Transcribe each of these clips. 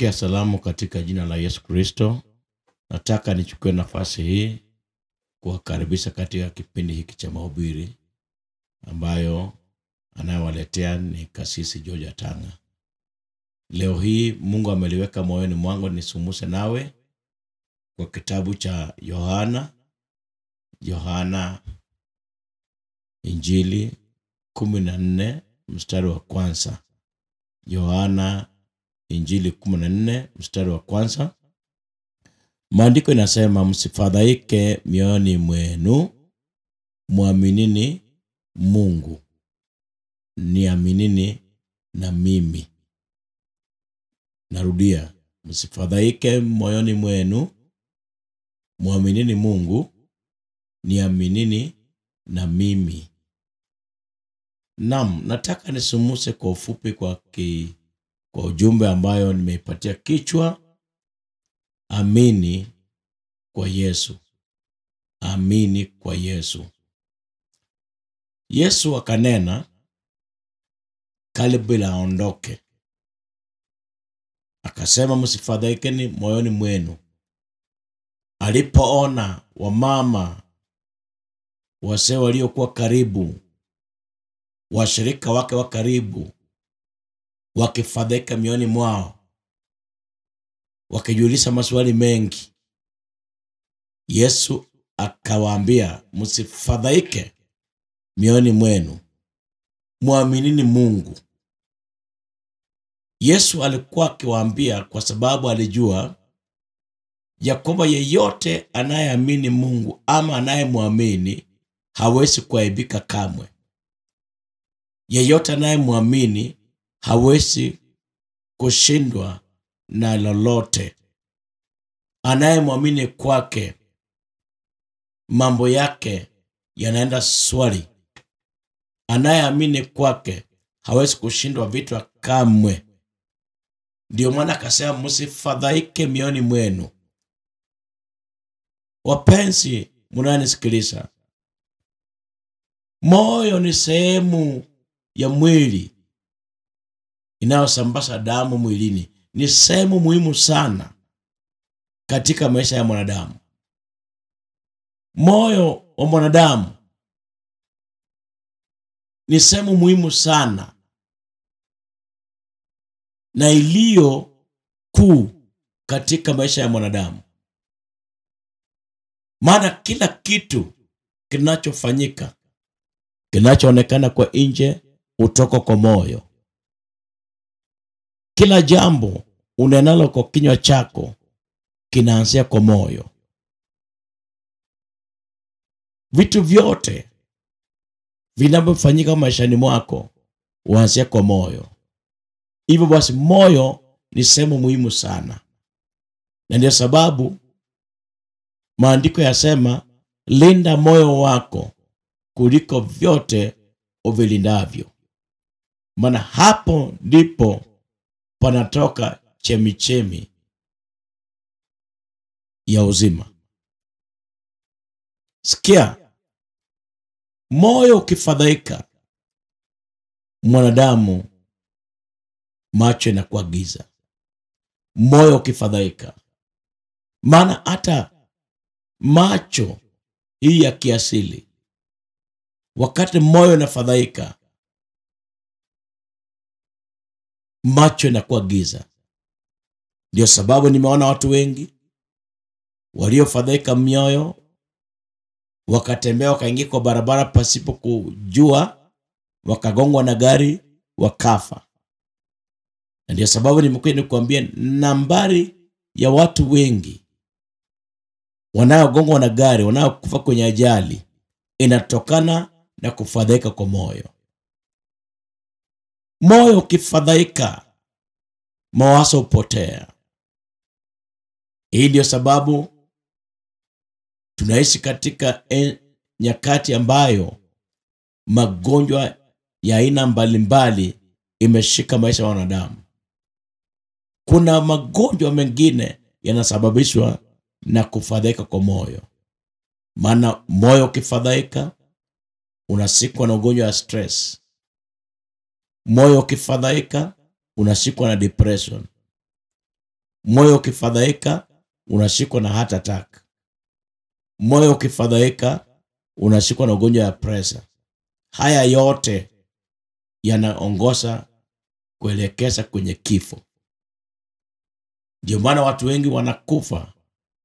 kupokea salamu katika jina la Yesu Kristo. Nataka nichukue nafasi hii kuwakaribisha katika kipindi hiki cha mahubiri ambayo anayewaletea ni Kasisi George tanga Leo hii Mungu ameliweka moyoni mwangu nisumuse nawe kwa kitabu cha Yohana, Yohana Injili kumi na nne mstari wa kwanza. Yohana Injili 14 mstari wa kwanza. Maandiko inasema msifadhaike mioyoni mwenu, mwaminini Mungu, niaminini na mimi. Narudia, msifadhaike moyoni mwenu, mwaminini Mungu, niaminini na mimi. Naam, nataka nisumuse kwa ufupi kwa ki kwa ujumbe ambayo nimeipatia kichwa amini kwa Yesu. Amini kwa Yesu. Yesu akanena kalibila aondoke, akasema msifadhaikeni moyoni mwenu. Alipoona wamama wase waliokuwa karibu, washirika wake wa karibu wakifadhaika mioni mwao, wakijiuliza maswali mengi. Yesu akawaambia, msifadhaike mioni mwenu, mwaminini Mungu. Yesu alikuwa akiwaambia kwa sababu alijua ya kwamba yeyote anayeamini Mungu ama anayemwamini hawezi kuaibika kamwe. Yeyote anayemwamini hawezi kushindwa na lolote. Anayemwamini kwake, mambo yake yanaenda swali. Anayeamini kwake hawezi kushindwa vitu kamwe. Ndio maana akasema msifadhaike mioni mwenu. Wapenzi mnanisikiliza, moyo ni sehemu ya mwili inayosambaza damu mwilini ni sehemu muhimu sana katika maisha ya mwanadamu. Moyo wa mwanadamu ni sehemu muhimu sana na iliyo kuu katika maisha ya mwanadamu, maana kila kitu kinachofanyika, kinachoonekana kwa nje, hutoka kwa moyo. Kila jambo unenalo kwa kinywa chako kinaanzia kwa moyo. Vitu vyote vinavyofanyika maishani mwako huanzia kwa moyo. Hivyo basi, moyo ni sehemu muhimu sana, na ndio sababu maandiko yasema, linda moyo wako kuliko vyote uvilindavyo, maana hapo ndipo panatoka chemichemi ya uzima. Sikia, moyo ukifadhaika, mwanadamu macho inakuwa giza, moyo ukifadhaika. Maana hata macho hii ya kiasili, wakati moyo unafadhaika, macho yanakuwa giza. Ndio sababu nimeona watu wengi waliofadhaika mioyo wakatembea wakaingia kwa barabara pasipo kujua, wakagongwa na gari wakafa. Na ndio sababu nimekuwa nikuambia nambari ya watu wengi wanaogongwa na gari, wanaokufa kwenye ajali inatokana na kufadhaika kwa moyo. Moyo ukifadhaika, mawazo hupotea. Hii ndiyo sababu tunaishi katika e, nyakati ambayo magonjwa ya aina mbalimbali imeshika maisha ya wanadamu. Kuna magonjwa mengine yanasababishwa na kufadhaika kwa moyo, maana moyo ukifadhaika unasikwa na ugonjwa wa stress, Moyo ukifadhaika unashikwa na depression. Moyo ukifadhaika unashikwa na heart attack. Moyo ukifadhaika unashikwa na ugonjwa ya pressure. Haya yote yanaongoza kuelekeza kwenye kifo. Ndio maana watu wengi wanakufa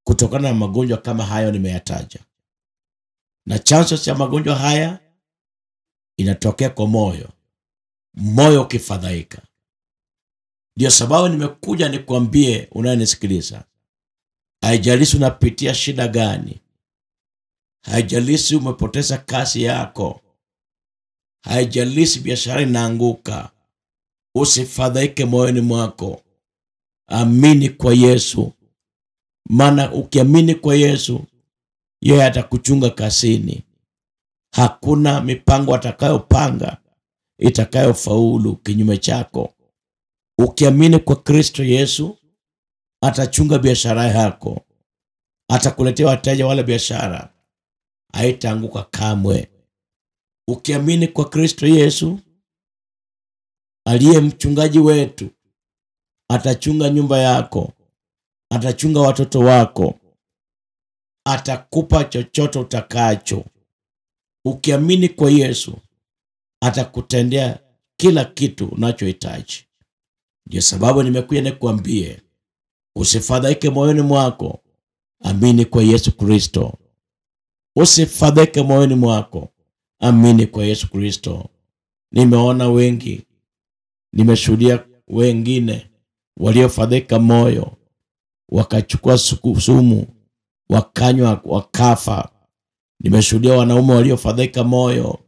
kutokana na magonjwa kama hayo nimeyataja, na chanzo cha magonjwa haya inatokea kwa moyo moyo ukifadhaika. ndio sababu nimekuja nikwambie, unayenisikiliza, haijalisi unapitia shida gani, haijalisi umepoteza kazi yako, haijalisi biashara inaanguka, usifadhaike moyoni mwako. Amini kwa Yesu, maana ukiamini kwa Yesu, yeye atakuchunga kasini Hakuna mipango atakayopanga itakayofaulu kinyume chako. Ukiamini kwa Kristo Yesu, atachunga biashara yako, atakuletea wateja, wala biashara haitaanguka kamwe. Ukiamini kwa Kristo Yesu aliye mchungaji wetu, atachunga nyumba yako, atachunga watoto wako, atakupa chochote utakacho. Ukiamini kwa Yesu atakutendea kila kitu unachohitaji. Ndio sababu nimekuja nikuambie usifadhaike moyoni mwako, amini kwa Yesu Kristo. Usifadhaike moyoni mwako, amini kwa Yesu Kristo. Nimeona wengi, nimeshuhudia wengine waliofadhaika moyo, wakachukua sumu, wakanywa, wakafa. Nimeshuhudia wanaume waliofadhaika moyo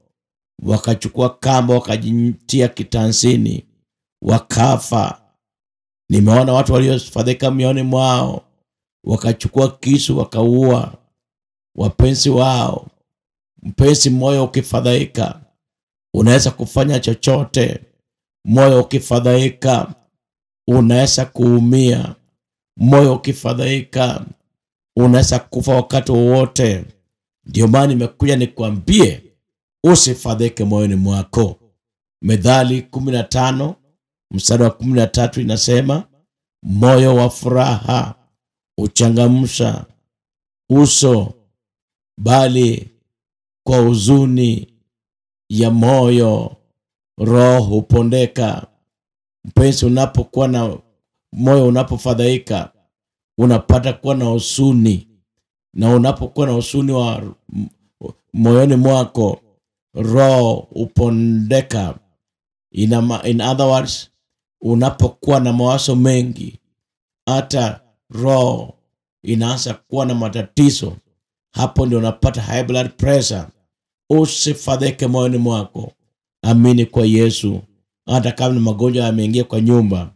wakachukua kamba wakajitia kitansini wakafa. Nimeona watu waliofadhaika mioni mwao wakachukua kisu wakaua wapenzi wao. Mpenzi, moyo ukifadhaika unaweza kufanya chochote. Moyo ukifadhaika unaweza kuumia. Moyo ukifadhaika unaweza kufa wakati wowote. Ndio maana nimekuja nikwambie usifadhike moyoni mwako. Methali 15 mstari wa 13 inasema, moyo wa furaha uchangamsha uso, bali kwa huzuni ya moyo roho hupondeka. Mpenzi, unapokuwa na moyo, unapofadhaika, unapata kuwa na usuni na unapokuwa na usuni wa moyoni mwako roho hupondeka. In, in other words, unapokuwa na mawazo mengi, hata roho inaanza kuwa na matatizo. Hapo ndio unapata high blood pressure. Usifadheke moyoni mwako, amini kwa Yesu. Hata kama ni magonjwa yameingia kwa nyumba,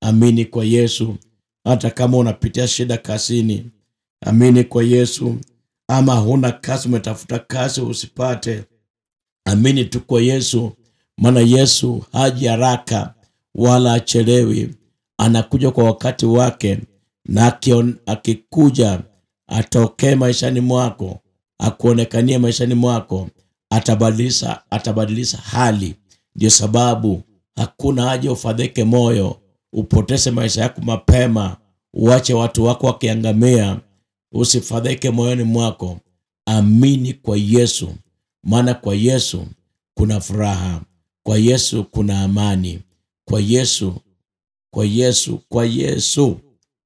amini kwa Yesu. Hata kama unapitia shida kazini, amini kwa Yesu. Ama huna kazi, umetafuta kazi usipate Amini tu kwa Yesu, maana Yesu haji haraka wala achelewi. Anakuja kwa wakati wake, na akikuja atokee maishani mwako, akuonekanie maishani mwako, atabadilisha atabadilisha hali. Ndio sababu hakuna haja ufadhike moyo, upoteze maisha yako mapema, uache watu wako wakiangamia. usifadhike moyoni mwako, amini kwa Yesu maana kwa Yesu kuna furaha, kwa Yesu kuna amani, kwa Yesu, kwa Yesu, kwa Yesu.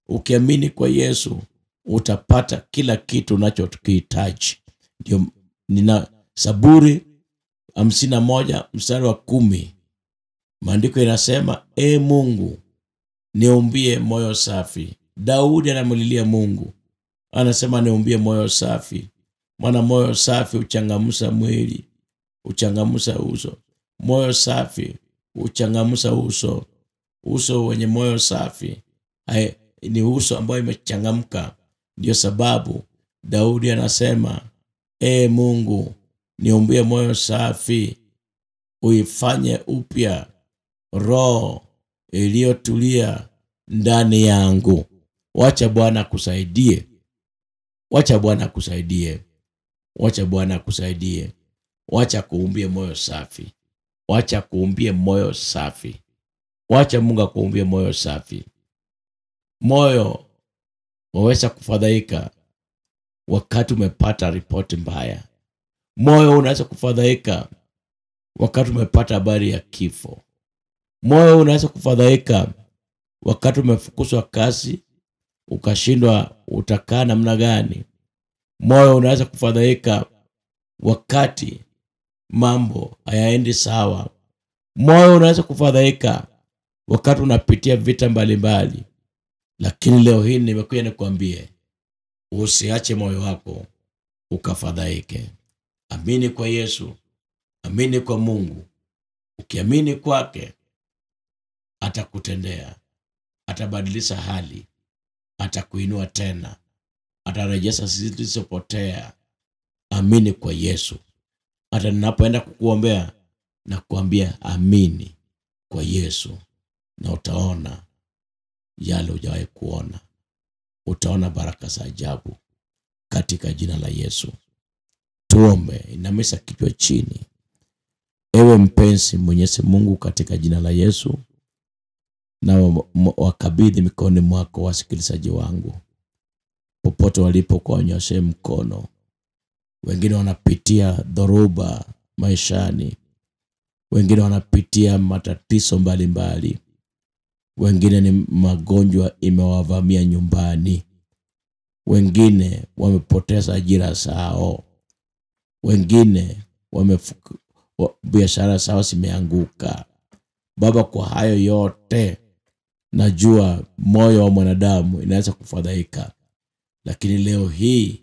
Ukiamini kwa Yesu utapata kila kitu unachokihitaji. Ndio nina saburi hamsini na moja mstari wa kumi maandiko inasema, e Mungu niumbie moyo safi. Daudi anamlilia Mungu, anasema niumbie moyo safi Mwana moyo safi uchangamusa mwili, uchangamusa uso. Moyo safi uchangamusa uso. Uso wenye moyo safi hai, ni uso ambayo imechangamka. ndio sababu Daudi anasema e Mungu, niumbie moyo safi, uifanye upya roho iliyotulia ndani yangu. Wacha Bwana akusaidie, wacha Bwana akusaidie. Wacha Bwana akusaidie, wacha kuumbie moyo safi, wacha kuumbie moyo safi, wacha Mungu akuumbie moyo safi, moyo waweza kufadhaika wakati umepata ripoti mbaya. Moyo unaweza kufadhaika wakati umepata habari ya kifo. Moyo unaweza kufadhaika wakati umefukuzwa kazi, ukashindwa utakaa namna gani moyo unaweza kufadhaika wakati mambo hayaendi sawa. Moyo unaweza kufadhaika wakati unapitia vita mbalimbali mbali. Lakini leo hii nimekuja nikuambie usiache moyo wako ukafadhaike. Amini kwa Yesu, amini kwa Mungu. Ukiamini kwake atakutendea, atabadilisha hali, atakuinua tena atarejesha zilizopotea. Amini kwa Yesu. Hata ninapoenda kukuombea na kuambia amini kwa Yesu, na utaona yale hujawahi kuona, utaona baraka za ajabu katika jina la Yesu. Tuombe. Inamisha kichwa chini. Ewe mpenzi Mwenyezi Mungu, katika jina la Yesu na wakabidhi mikononi mwako wasikilizaji wangu popote walipo kwa wanyoshe mkono. Wengine wanapitia dhoruba maishani, wengine wanapitia matatizo mbalimbali, wengine ni magonjwa imewavamia nyumbani, wengine wamepoteza ajira zao, wengine wa, biashara zao zimeanguka. Baba, kwa hayo yote najua moyo wa mwanadamu inaweza kufadhaika, lakini leo hii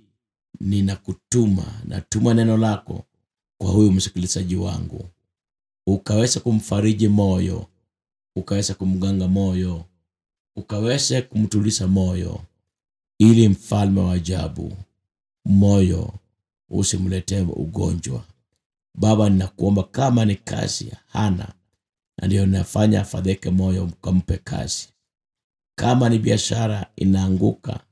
ninakutuma, natuma neno lako kwa huyu msikilizaji wangu, ukaweza kumfariji moyo, ukaweza kumganga moyo, ukaweza kumtuliza moyo, ili mfalme wa ajabu moyo usimletee ugonjwa. Baba, ninakuomba kama ni kazi hana na ndiyo nafanya afadheke moyo, ukampe kazi. Kama ni biashara inaanguka,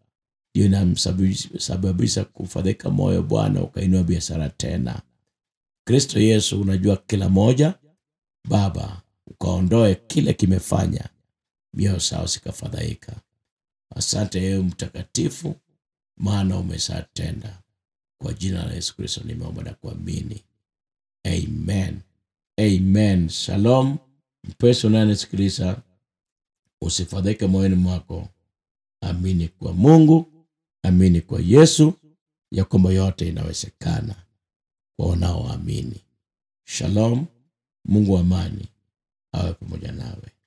ndio inasababisha kufadhaika moyo, Bwana ukainua biashara tena. Kristo Yesu, unajua kila moja, Baba, ukaondoe kile kimefanya mioyo sao sikafadhaika. Asante yeye Mtakatifu, maana umeshatenda. Kwa jina la Yesu Kristo nimeomba na kuamini, amen, amen. Shalom mpeso unayenisikiliza, usifadhaike moyoni mwako, amini kwa Mungu amini kwa Yesu ya kwamba yote inawezekana kwa wanaoamini. Shalom, Mungu wa amani awe pamoja nawe.